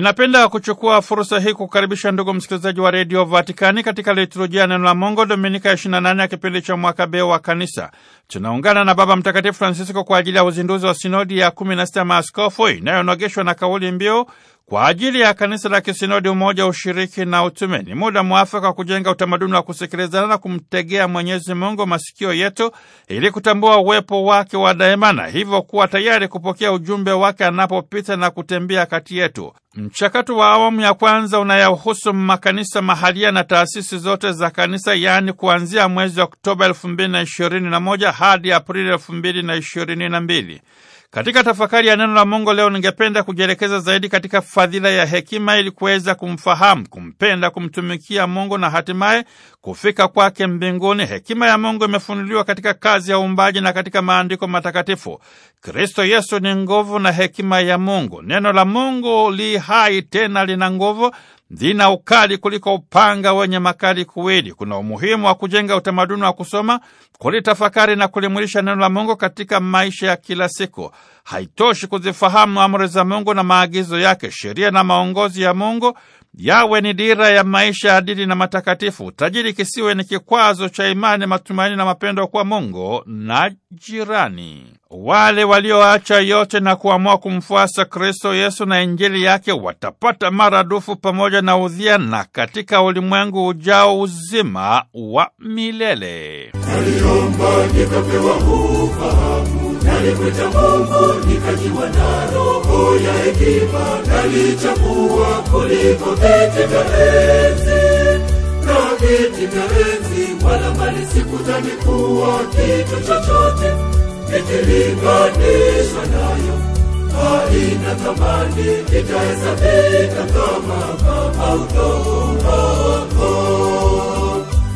Ninapenda kuchukua fursa hii kukaribisha ndugu msikilizaji wa redio Vatikani katika liturujia neno la Mungu, Dominika ya 28 ya kipindi cha mwaka B wa Kanisa. Tunaungana na Baba Mtakatifu Francisco kwa ajili ya uzinduzi wa sinodi ya 16 maaskofu inayonogeshwa na kauli mbiu kwa ajili ya kanisa la kisinodi, umoja, ushiriki na utume. Ni muda mwafaka wa kujenga utamaduni wa kusikilizana na kumtegea Mwenyezi Mungu masikio yetu ili kutambua uwepo wake wa daima na hivyo kuwa tayari kupokea ujumbe wake anapopita na kutembea kati yetu. Mchakato wa awamu ya kwanza unayahusu makanisa mahalia na taasisi zote za kanisa, yaani kuanzia mwezi Oktoba 2021 hadi Aprili 2022. Katika tafakari ya neno la Mungu leo, ningependa kujielekeza zaidi katika fadhila ya hekima ili kuweza kumfahamu, kumpenda, kumtumikia Mungu na hatimaye kufika kwake mbinguni. Hekima ya Mungu imefunuliwa katika kazi ya uumbaji na katika maandiko matakatifu. Kristo Yesu ni nguvu na hekima ya Mungu. Neno la Mungu li hai tena lina nguvu zina ukali kuliko upanga wenye makali kuwili. Kuna umuhimu wa kujenga utamaduni wa kusoma, kulitafakari na kulimwilisha neno la Mungu katika maisha ya kila siku. Haitoshi kuzifahamu amri za Mungu na maagizo yake, sheria na maongozi ya Mungu yawe ni dira ya maisha adili na matakatifu. Tajiri kisiwe ni kikwazo cha imani, matumaini na mapendo kwa Mungu na jirani. Wale walioacha yote na kuamua kumfuasa Kristo Yesu na Injili yake watapata maradufu pamoja na udhia, na katika ulimwengu ujao uzima wa milele nalikuja Mungu nikajiwa na roho ya hekima, nalichagua kuliko viti vya enzi na viti vya enzi, wala mali sikudhani kuwa kitu chochote nikilinganishwa nayo haina thamani, itahesabika kama mama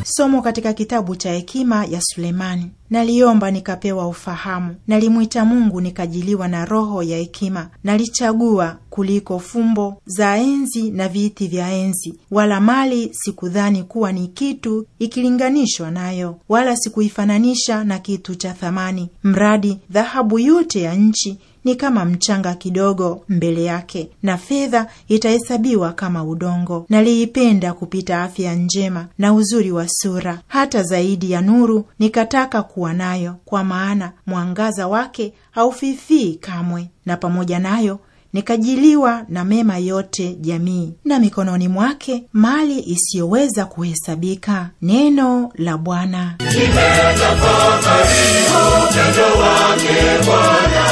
Somo katika kitabu cha Hekima ya Sulemani. Naliomba nikapewa ufahamu, nalimwita Mungu nikajiliwa na roho ya hekima, nalichagua kuliko fumbo za enzi na viti vya enzi, wala mali sikudhani kuwa ni kitu ikilinganishwa nayo, wala sikuifananisha na kitu cha thamani, mradi dhahabu yote ya nchi ni kama mchanga kidogo mbele yake, na fedha itahesabiwa kama udongo. Naliipenda kupita afya njema na uzuri wa sura, hata zaidi ya nuru nikataka ku kuwa nayo, kwa maana mwangaza wake haufifii kamwe, na pamoja nayo nikajiliwa na mema yote jamii, na mikononi mwake mali isiyoweza kuhesabika. Neno la Bwana. Nimetafakari wake Bwana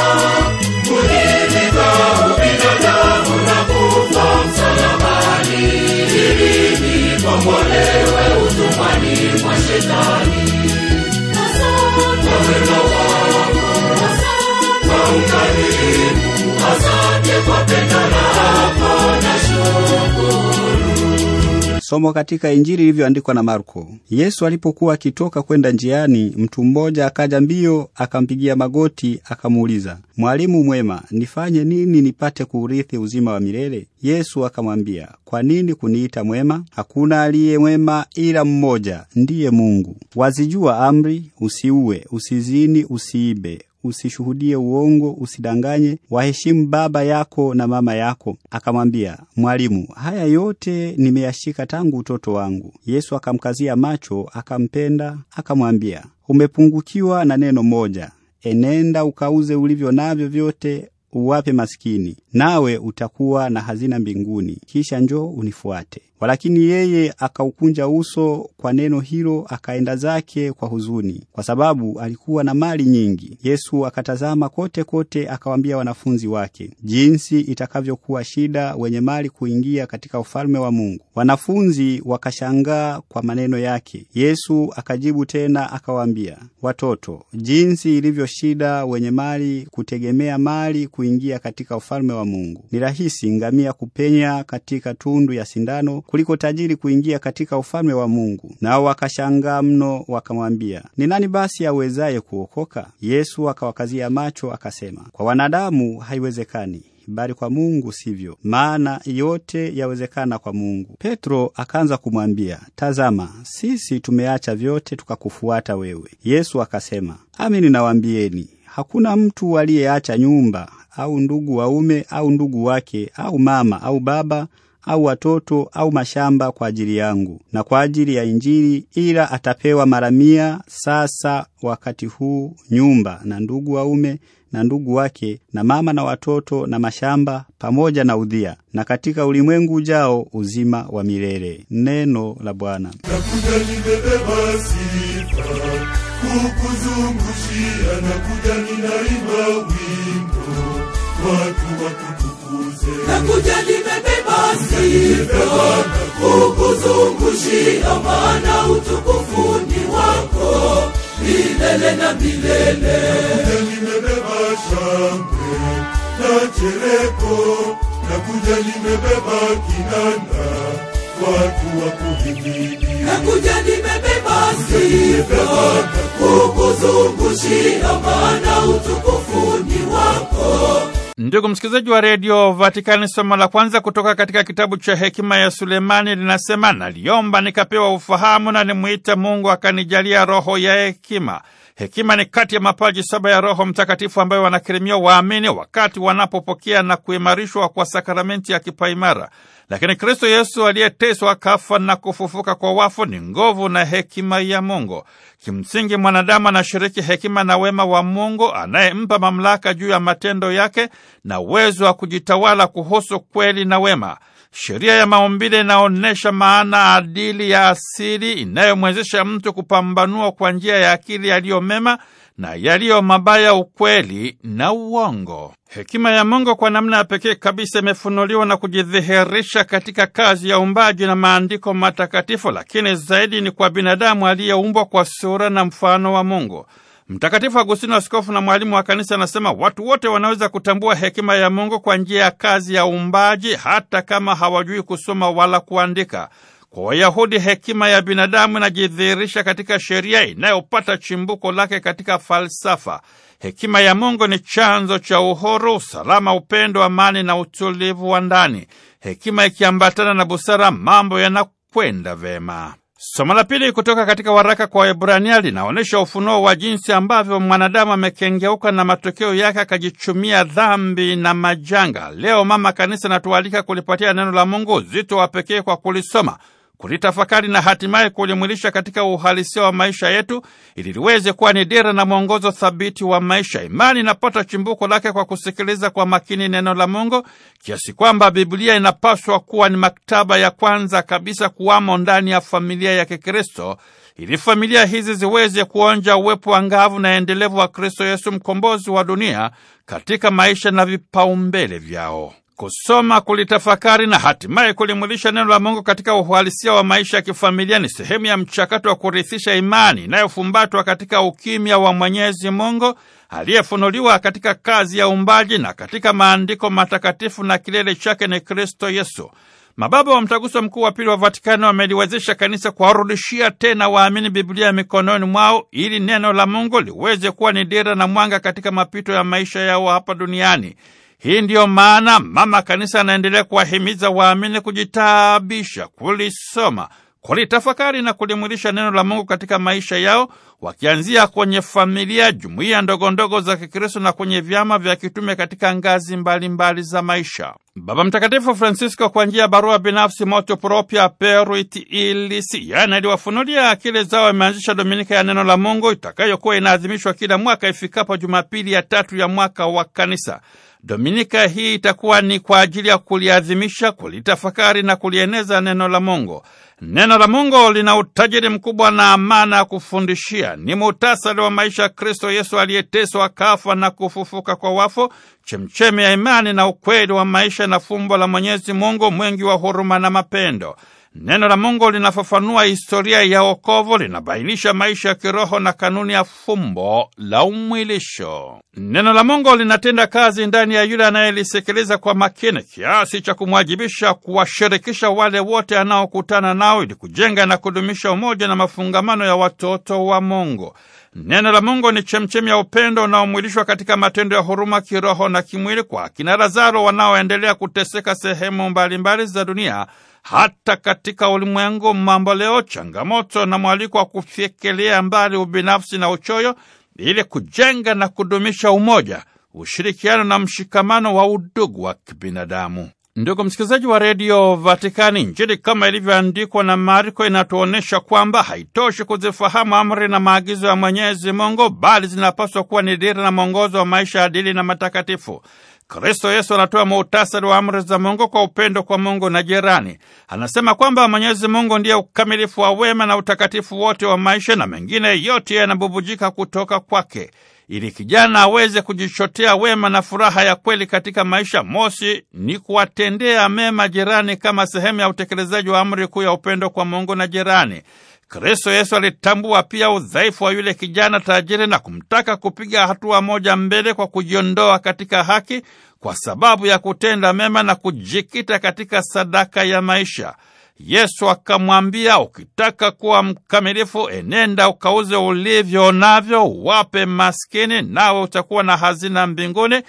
Somo katika Injili ilivyoandikwa na Marko. Yesu alipokuwa akitoka kwenda njiani, mtu mmoja akaja mbio, akampigia magoti, akamuuliza, Mwalimu mwema, nifanye nini nipate kuurithi uzima wa milele? Yesu akamwambia, kwa nini kuniita mwema? Hakuna aliye mwema ila mmoja, ndiye Mungu. Wazijua amri: usiue, usizini, usiibe, usishuhudie uongo, usidanganye, waheshimu baba yako na mama yako. Akamwambia, Mwalimu, haya yote nimeyashika tangu utoto wangu. Yesu akamkazia macho, akampenda, akamwambia, umepungukiwa na neno moja. Enenda ukauze ulivyo navyo vyote uwape masikini nawe utakuwa na hazina mbinguni, kisha njoo unifuate. Walakini yeye akaukunja uso kwa neno hilo, akaenda zake kwa huzuni, kwa sababu alikuwa na mali nyingi. Yesu akatazama kote kote, akawaambia wanafunzi wake jinsi itakavyokuwa shida wenye mali kuingia katika ufalme wa Mungu. Wanafunzi wakashangaa kwa maneno yake. Yesu akajibu tena akawaambia, watoto, jinsi ilivyo shida wenye mali kutegemea mali kuingia katika ufalme wa Mungu. Ni rahisi ngamia kupenya katika tundu ya sindano kuliko tajiri kuingia katika ufalme wa Mungu. Nao wakashangaa mno, wakamwambia, ni nani basi awezaye kuokoka? Yesu akawakazia macho akasema, kwa wanadamu haiwezekani bali kwa Mungu sivyo, maana yote yawezekana kwa Mungu. Petro akaanza kumwambia, tazama, sisi tumeacha vyote tukakufuata wewe. Yesu akasema, amini nawaambieni, hakuna mtu aliyeacha nyumba au ndugu waume au ndugu wake au mama au baba au watoto au mashamba kwa ajili yangu na kwa ajili ya Injili, ila atapewa mara mia sasa wakati huu nyumba na ndugu waume na ndugu wake na mama na watoto na mashamba pamoja na udhia, na katika ulimwengu ujao uzima wa milele. Neno la Bwana. Nakuja nimebeba sifa kukuzungushia, nakuja ninaimba wimbo watu watukukuze, nakuja nimebeba sivyo kukuzungushia, maana utukufu wako milele na milele. Nimebeba shangwe na chereko, na kuja nimebeba kinanda watu wa kuhimidi, na kuja nimebeba sivyo kukuzungushia, maana utukufu Ndugu msikilizaji wa redio Vatikani, somo la kwanza kutoka katika kitabu cha hekima ya Sulemani linasema, naliomba nikapewa ufahamu na nimwite Mungu akanijalia roho ya hekima. Hekima ni kati ya mapaji saba ya Roho Mtakatifu ambayo wanakirimia waamini wakati wanapopokea na kuimarishwa kwa sakramenti ya kipaimara. Lakini Kristo Yesu aliyeteswa, kafa na kufufuka kwa wafu ni nguvu na hekima ya Mungu. Kimsingi, mwanadamu anashiriki hekima na wema wa Mungu anayempa mamlaka juu ya matendo yake na uwezo wa kujitawala kuhusu kweli na wema. Sheria ya maumbile inaonyesha maana adili ya asili inayomwezesha mtu kupambanua kwa njia ya akili yaliyo mema na yaliyo mabaya, ukweli na uongo. Hekima ya Mungu kwa namna ya pekee kabisa imefunuliwa na kujidhihirisha katika kazi ya umbaji na maandiko matakatifu, lakini zaidi ni kwa binadamu aliyeumbwa kwa sura na mfano wa Mungu. Mtakatifu Agustino, askofu na mwalimu wa kanisa, anasema watu wote wanaweza kutambua hekima ya Mungu kwa njia ya kazi ya uumbaji, hata kama hawajui kusoma wala kuandika. Kwa Wayahudi hekima ya binadamu inajidhihirisha katika sheria inayopata chimbuko lake katika falsafa. Hekima ya Mungu ni chanzo cha uhuru, usalama, upendo, amani na utulivu wa ndani. Hekima ikiambatana na busara, mambo yanakwenda vema. Somo la pili kutoka katika waraka kwa Waebrania linaonyesha ufunuo wa jinsi ambavyo mwanadamu amekengeuka na matokeo yake akajichumia dhambi na majanga. Leo Mama Kanisa natualika kulipatia neno la Mungu zito wa pekee kwa kulisoma kulitafakari na hatimaye kulimwilisha katika uhalisia wa maisha yetu ili liweze kuwa ni dira na mwongozo thabiti wa maisha. Imani inapata chimbuko lake kwa kusikiliza kwa makini neno la Mungu, kiasi kwamba Biblia inapaswa kuwa ni maktaba ya kwanza kabisa kuwamo ndani ya familia ya Kikristo ili familia hizi ziweze kuonja uwepo wa ngavu na endelevu wa Kristo Yesu mkombozi wa dunia katika maisha na vipaumbele vyao kusoma, kulitafakari na hatimaye kulimwilisha neno la Mungu katika uhalisia wa maisha ya kifamilia ni sehemu ya mchakato wa kurithisha imani inayofumbatwa katika ukimya wa Mwenyezi Mungu aliyefunuliwa katika kazi ya umbaji na katika maandiko matakatifu na kilele chake ni Kristo Yesu. Mababa wa Mtaguso Mkuu wa Pili wa Vatikani wameliwezesha kanisa kuwarudishia tena waamini Biblia mikononi mwao ili neno la Mungu liweze kuwa ni dira na mwanga katika mapito ya maisha yao hapa duniani. Hii ndiyo maana mama kanisa anaendelea kuwahimiza waamini kujitabisha, kulisoma, kulitafakari na kulimwilisha neno la Mungu katika maisha yao wakianzia kwenye familia, jumuiya ndogondogo za Kikristo na kwenye vyama vya kitume katika ngazi mbalimbali mbali za maisha. Baba Mtakatifu Francisco kwa njia ya barua binafsi moto Propria Peruit Ilis, yaani aliwafunulia akili zao, imeanzisha Dominika ya Neno la Mungu itakayokuwa inaadhimishwa kila mwaka ifikapo Jumapili ya tatu ya mwaka wa Kanisa. Dominika hii itakuwa ni kwa ajili ya kuliadhimisha, kulitafakari na kulieneza neno la Mungu. Neno la Mungu lina utajiri mkubwa na amana ya kufundishia ni muhtasari wa maisha ya Kristo Yesu aliyeteswa, akafa na kufufuka kwa wafu, chemchemi ya imani na ukweli wa maisha na fumbo la Mwenyezi Mungu mwingi wa huruma na mapendo. Neno la Mungu linafafanua historia ya wokovu, linabainisha maisha ya kiroho na kanuni ya fumbo la umwilisho. Neno la Mungu linatenda kazi ndani ya yule anayelisikiliza kwa makini kiasi cha kumwajibisha kuwashirikisha wale wote anaokutana nao ili kujenga na kudumisha umoja na mafungamano ya watoto wa Mungu. Neno la Mungu ni chemchemi ya upendo unaomwilishwa katika matendo ya huruma kiroho na kimwili kwa akina Lazaro wanaoendelea kuteseka sehemu mbalimbali za dunia hata katika ulimwengu mambo leo, changamoto na mwaliko wa kufyekelea mbali ubinafsi na uchoyo ili kujenga na kudumisha umoja, ushirikiano na mshikamano wa udugu wa kibinadamu. Ndugu msikilizaji wa redio Vatikani, Injili kama ilivyoandikwa na Marko inatuonyesha kwamba haitoshi kuzifahamu amri na maagizo ya Mwenyezi Mungu, bali zinapaswa kuwa ni dira na mwongozo wa maisha adili na matakatifu. Kristo Yesu anatoa muhtasari wa amri za Mungu kwa upendo kwa Mungu na jirani. Anasema kwamba Mwenyezi Mungu ndiye ukamilifu wa wema na utakatifu wote wa maisha, na mengine yote yanabubujika kutoka kwake. Ili kijana aweze kujichotea wema na furaha ya kweli katika maisha, mosi ni kuwatendea mema jirani kama sehemu ya utekelezaji wa amri kuu ya upendo kwa Mungu na jirani. Kristo Yesu alitambua pia udhaifu wa yule kijana tajiri na kumtaka kupiga hatua moja mbele kwa kujiondoa katika haki kwa sababu ya kutenda mema na kujikita katika sadaka ya maisha. Yesu akamwambia, ukitaka kuwa mkamilifu, enenda ukauze ulivyo navyo, wape maskini, nawe utakuwa na hazina mbinguni,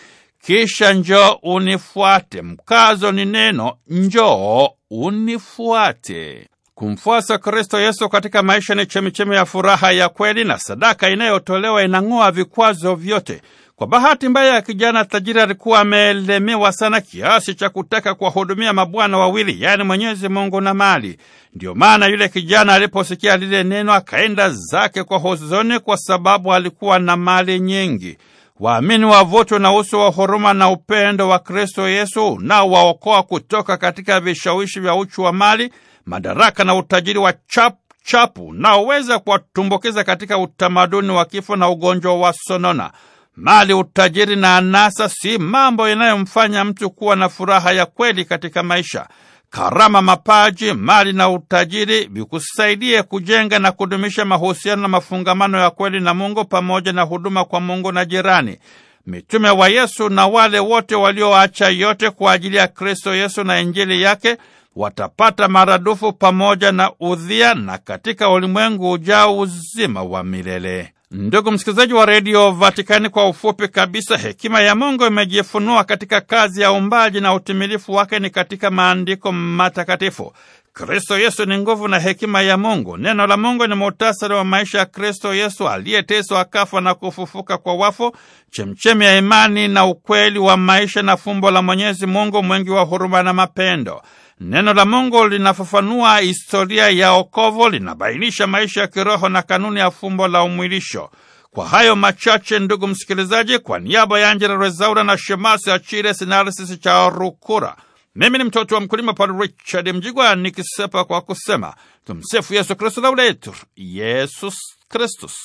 kisha njoo unifuate. Mkazo ni neno njoo unifuate. Kumfuasa Kristo Yesu katika maisha ni chemichemi ya furaha ya kweli, na sadaka inayotolewa inang'oa vikwazo vyote. Kwa bahati mbaya ya kijana tajiri alikuwa ameelemewa sana kiasi cha kutaka kuwahudumia mabwana wawili, yaani Mwenyezi Mungu na mali. Ndiyo maana yule kijana aliposikia lile neno akaenda zake kwa huzuni, kwa sababu alikuwa na mali nyingi. Waamini wavutwe na uso wa huruma na upendo wa Kristo Yesu nao waokoa kutoka katika vishawishi vya uchu wa mali madaraka na utajiri wa chap chapu naoweza kuwatumbukiza katika utamaduni wa kifo na ugonjwa wa sonona. Mali, utajiri na anasa si mambo yanayomfanya mtu kuwa na furaha ya kweli katika maisha. Karama, mapaji, mali na utajiri vikusaidie kujenga na kudumisha mahusiano na mafungamano ya kweli na Mungu pamoja na huduma kwa Mungu na jirani mitume wa Yesu na wale wote walioacha yote kwa ajili ya Kristo Yesu na Injili yake watapata maradufu pamoja na udhia na katika ulimwengu ujao uzima wa milele. Ndugu msikilizaji wa redio Vatikani, kwa ufupi kabisa, hekima ya Mungu imejifunua katika kazi ya umbaji na utimilifu wake ni katika maandiko matakatifu. Kristo Yesu ni nguvu na hekima ya Mungu. Neno la Mungu ni muhtasari wa maisha ya Kristo Yesu aliyeteswa, akafa na kufufuka kwa wafu, chemchemi ya imani na ukweli wa maisha na fumbo la Mwenyezi Mungu mwingi wa huruma na mapendo. Neno la Mungu linafafanua historia ya okovu, linabainisha maisha ya kiroho na kanuni ya fumbo la umwilisho. Kwa hayo machache, ndugu msikilizaji, kwa niaba ya Angela Rezaura na Shemasi Achire Sinarisisi cha Rukura mimi ni mtoto wa mkulima Paul Richard Mjigwa nikisepa kwa kusema tumsifu Yesu Kristu, lauletur Yesus Kristus.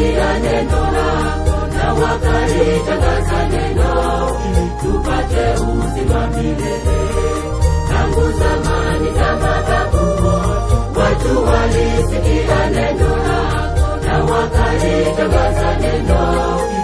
kusikia neno lako na wakalitangaza neno tupate uzima milele tangu zamani za mababu watu walisikia neno lako na wakalitangaza neno